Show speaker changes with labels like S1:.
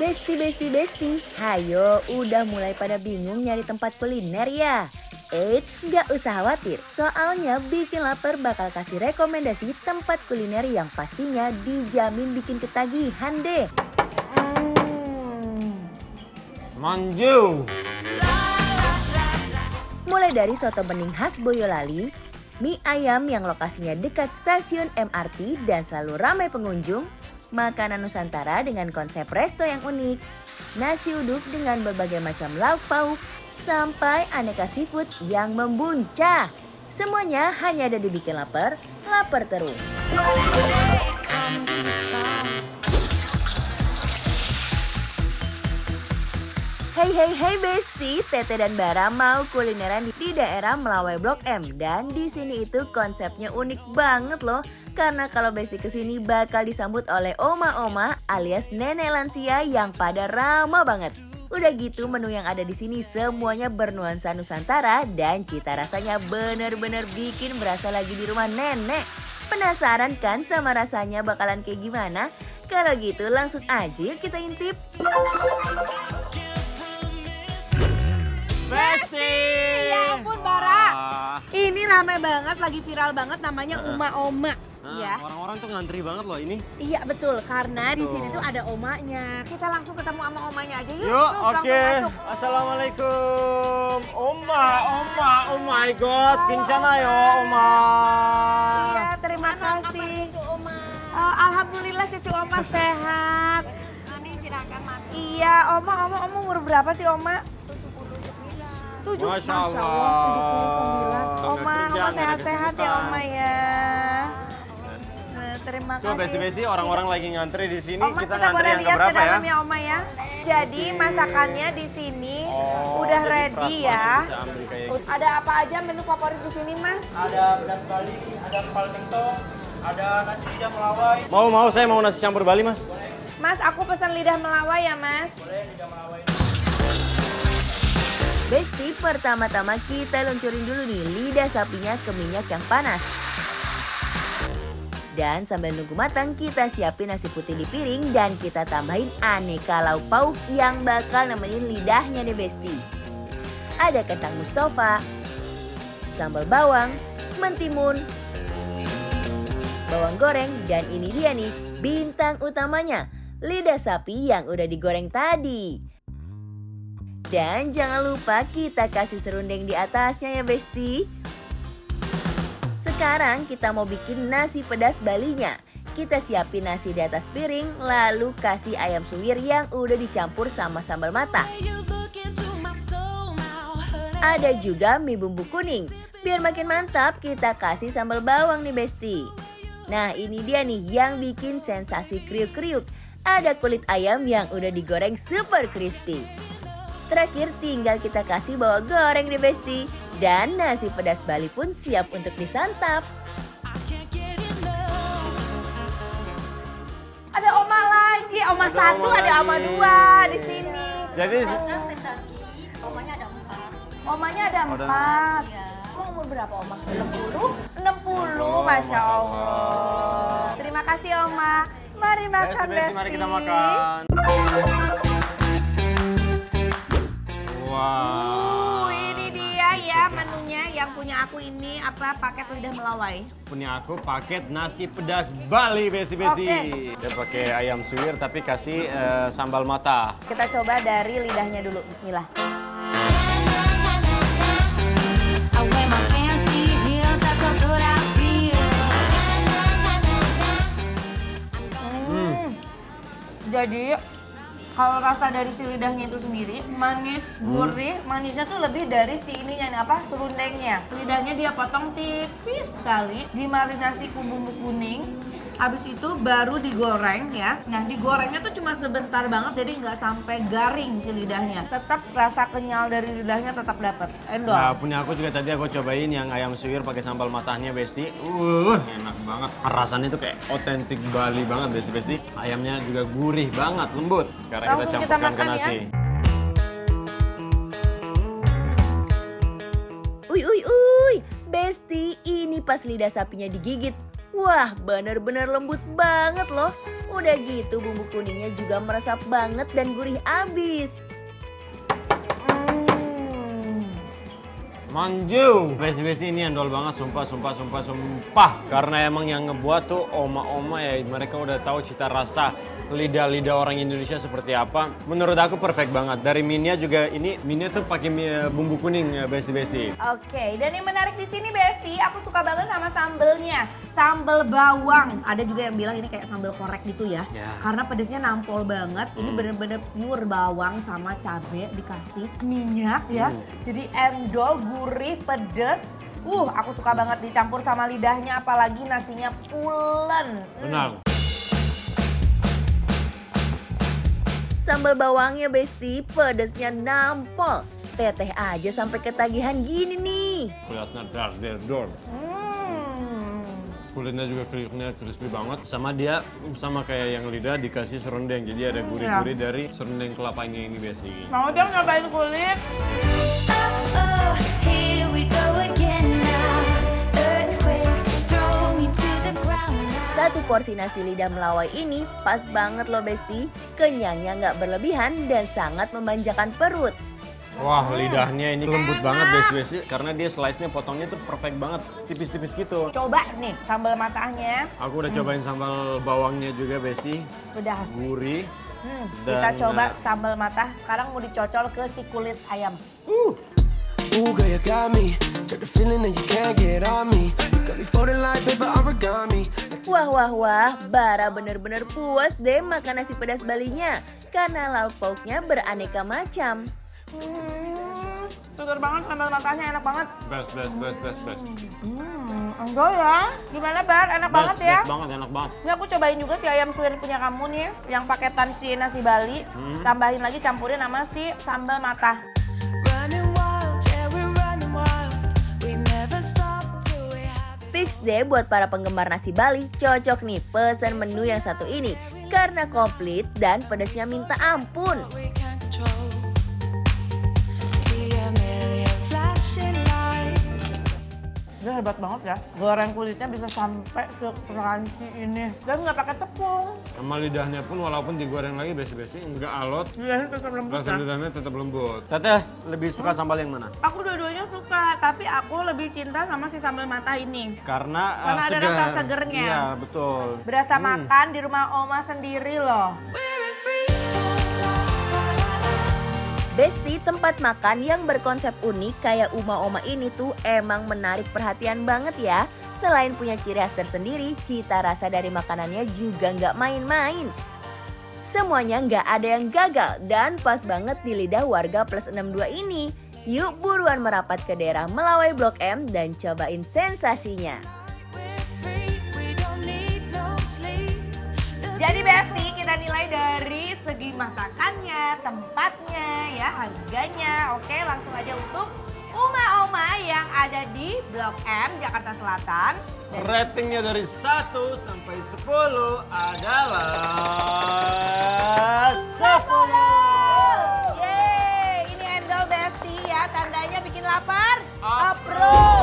S1: Besti, besti, besti, hayo udah mulai pada bingung nyari tempat kuliner ya? Eits, gak usah khawatir. Soalnya bikin lapar bakal kasih rekomendasi tempat kuliner yang pastinya dijamin bikin ketagihan deh.
S2: Manju!
S1: Mulai dari soto bening khas Boyolali, mie ayam yang lokasinya dekat stasiun MRT dan selalu ramai pengunjung, makanan Nusantara dengan konsep resto yang unik, nasi uduk dengan berbagai macam lauk pauk, sampai aneka seafood yang membuncah. Semuanya hanya ada di Bikin Lapar, lapar terus. Hey hey hey bestie, Tete dan Bara mau kulineran di daerah Melawai Blok M dan di sini itu konsepnya unik banget loh karena kalau Besti kesini bakal disambut oleh oma-oma alias nenek lansia yang pada ramah banget. Udah gitu menu yang ada di sini semuanya bernuansa Nusantara dan cita rasanya bener-bener bikin berasa lagi di rumah nenek. Penasaran kan sama rasanya bakalan kayak gimana? Kalau gitu langsung aja yuk kita intip. Besti! Ya ampun Bara, ini rame
S3: banget, lagi viral banget namanya Uma Oma.
S2: Nah, iya. orang-orang tuh ngantri banget loh ini.
S3: Iya, betul. Karena betul. di sini tuh ada omanya. Kita langsung ketemu sama omanya aja yuk. Yuk, oke. Okay. Assalamualaikum. Oma, oma, oh my god. Kincana yo, oma. Iya, terima kasih. Oma? Uh, Alhamdulillah cucu oma sehat. Iya, oma, oma, oma umur berapa sih oma? Tujuh
S2: Masya Allah. Masya Allah. Oma, oma sehat-sehat ya oma
S3: ya. Terima kasih. Tuh besti-besti orang-orang lagi ngantri di sini. Oma, kita, kita ngantri yang lihat ya? ya Oma ya. Jadi masakannya di sini oh, udah ready ya. Gitu. Ada apa aja menu favorit di sini Mas? Ada pedas Bali, ada kepal
S2: kentong, ada nasi lidah melawai. Mau mau saya mau nasi campur Bali Mas.
S1: Mas, aku pesan lidah melawai ya Mas. Boleh lidah melawai. Besti, pertama-tama kita luncurin dulu nih lidah sapinya ke minyak yang panas. Dan sambil nunggu matang, kita siapin nasi putih di piring dan kita tambahin aneka lauk pauk yang bakal nemenin lidahnya deh Besti. Ada kentang Mustafa, sambal bawang, mentimun, bawang goreng, dan ini dia nih bintang utamanya, lidah sapi yang udah digoreng tadi. Dan jangan lupa kita kasih serundeng di atasnya ya Besti. Sekarang kita mau bikin nasi pedas Balinya. Kita siapin nasi di atas piring, lalu kasih ayam suwir yang udah dicampur sama sambal mata. Ada juga mie bumbu kuning. Biar makin mantap, kita kasih sambal bawang nih Besti. Nah ini dia nih yang bikin sensasi kriuk-kriuk. Ada kulit ayam yang udah digoreng super crispy. Terakhir tinggal kita kasih bawang goreng nih Besti. Dan nasi pedas Bali pun siap untuk disantap.
S3: Ada oma lagi, oma ada satu, oma ada lagi. oma dua di sini. Jadi omanya ada empat. Omanya ada empat. Ya. Umur berapa oma? 60? 60, oh, Masya Allah. Allah. Terima kasih oma. Mari makan, Besti. Mari kita makan. aku ini apa paket lidah melawai.
S2: Punya aku paket nasi pedas Bali besti besti. Okay. pakai ayam suwir tapi kasih uh, sambal mata.
S3: Kita coba dari lidahnya dulu. Bismillah. Hmm. Hmm. Jadi kalau rasa dari si lidahnya itu sendiri manis hmm. gurih hmm. manisnya tuh lebih dari si ininya apa serundengnya lidahnya dia potong tipis sekali dimarinasi bumbu kuning habis itu baru digoreng ya nah digorengnya tuh cuma sebentar banget jadi nggak sampai garing si lidahnya tetap rasa kenyal dari lidahnya tetap dapat endol nah
S2: punya aku juga tadi aku cobain yang ayam suwir pakai sambal matahnya besti uh enak banget rasanya tuh kayak otentik Bali banget besti besti ayamnya juga gurih banget lembut sekarang Langsung kita campurkan kita ke ya. nasi ya.
S1: Uy, uy, uy, Besti, ini pas lidah sapinya digigit, Wah, bener-bener lembut banget loh. Udah gitu bumbu kuningnya juga meresap banget dan gurih abis.
S2: Manju. Base-base ini andol banget, sumpah, sumpah, sumpah, sumpah. Karena emang yang ngebuat tuh oma-oma ya, mereka udah tahu cita rasa lidah-lidah orang Indonesia seperti apa. Menurut aku perfect banget. Dari minyak juga ini, minyak tuh pakai bumbu kuning ya, Besti Besti.
S3: Oke, okay. dan yang menarik di sini Besti, aku suka banget sama sambelnya. Sambel bawang. Ada juga yang bilang ini kayak sambel korek gitu ya. Yeah. Karena pedesnya nampol banget. Ini hmm. bener-bener pure bawang sama cabe dikasih minyak ya. Mm. Jadi endol gue gurih, pedes. Uh, aku suka banget dicampur sama lidahnya, apalagi nasinya pulen.
S2: Hmm. Benar.
S1: Sambal bawangnya besti, pedesnya nampol. Teteh aja sampai ketagihan gini nih.
S2: Kulihatnya dark, dark, dark.
S1: Hmm.
S2: Kulitnya juga kulitnya crispy banget. Sama dia sama kayak yang lidah dikasih serundeng. Jadi ada gurih-gurih iya. dari serundeng kelapanya ini biasanya.
S3: Mau dong nyobain
S1: kulit. Satu porsi nasi lidah melawai ini pas banget loh Besti. Kenyangnya nggak berlebihan dan sangat memanjakan perut.
S3: Wah lidahnya
S2: ini lembut banget besti besti karena dia slice-nya potongnya tuh perfect banget tipis-tipis gitu.
S3: Coba nih sambal matahnya. Aku udah hmm. cobain
S2: sambal bawangnya juga besti. Udah. Gurih.
S3: Hmm, kita coba eh, sambal matah. Sekarang mau dicocol ke si
S1: kulit ayam.
S2: Uh. Ooh, girl, you got me. Got the feeling that you can't get on
S3: me. You got me folding like paper origami.
S1: Wah wah wah, Bara bener-bener puas deh makan nasi pedas Balinya karena pauknya beraneka macam.
S3: Hmm, segar banget, sambal matanya enak banget.
S2: Best, best, best, best, best.
S3: Hmm, enggak ya? Gimana Bar? Enak best, banget ya? Best banget, enak banget. Ini aku cobain juga si ayam suwir punya kamu nih, yang paketan si nasi Bali. Hmm. Tambahin lagi campurin sama si sambal mata.
S1: Fix deh buat para penggemar nasi Bali, cocok nih pesan menu yang satu ini karena komplit dan pedasnya minta ampun. Dia hebat
S3: banget ya. Goreng kulitnya bisa sampai sekranci ini. Dan nggak pakai tepung.
S2: Sama lidahnya pun walaupun digoreng lagi besi-besi nggak alot.
S3: Lidahnya tetap lembut Rasa
S2: lidahnya tetap lembut. Teteh lebih suka hmm? sambal yang mana?
S3: Aku dua-duanya suka tapi aku lebih cinta sama si sambal mata ini.
S2: Karena, Karena uh, ada segar. rasa segernya. Iya, betul. Berasa hmm. makan
S3: di rumah oma sendiri
S1: loh. Besti, tempat makan yang berkonsep unik kayak Uma Oma ini tuh emang menarik perhatian banget ya. Selain punya ciri khas tersendiri, cita rasa dari makanannya juga nggak main-main. Semuanya nggak ada yang gagal dan pas banget di lidah warga plus 62 ini. Yuk buruan merapat ke daerah Melawai Blok M dan cobain sensasinya.
S3: Jadi BST kita nilai dari segi masakannya, tempatnya, ya harganya. Oke langsung aja untuk Uma-Oma yang ada di Blok M, Jakarta Selatan. Dan Ratingnya dari 1 sampai 10 adalah 10. Pro!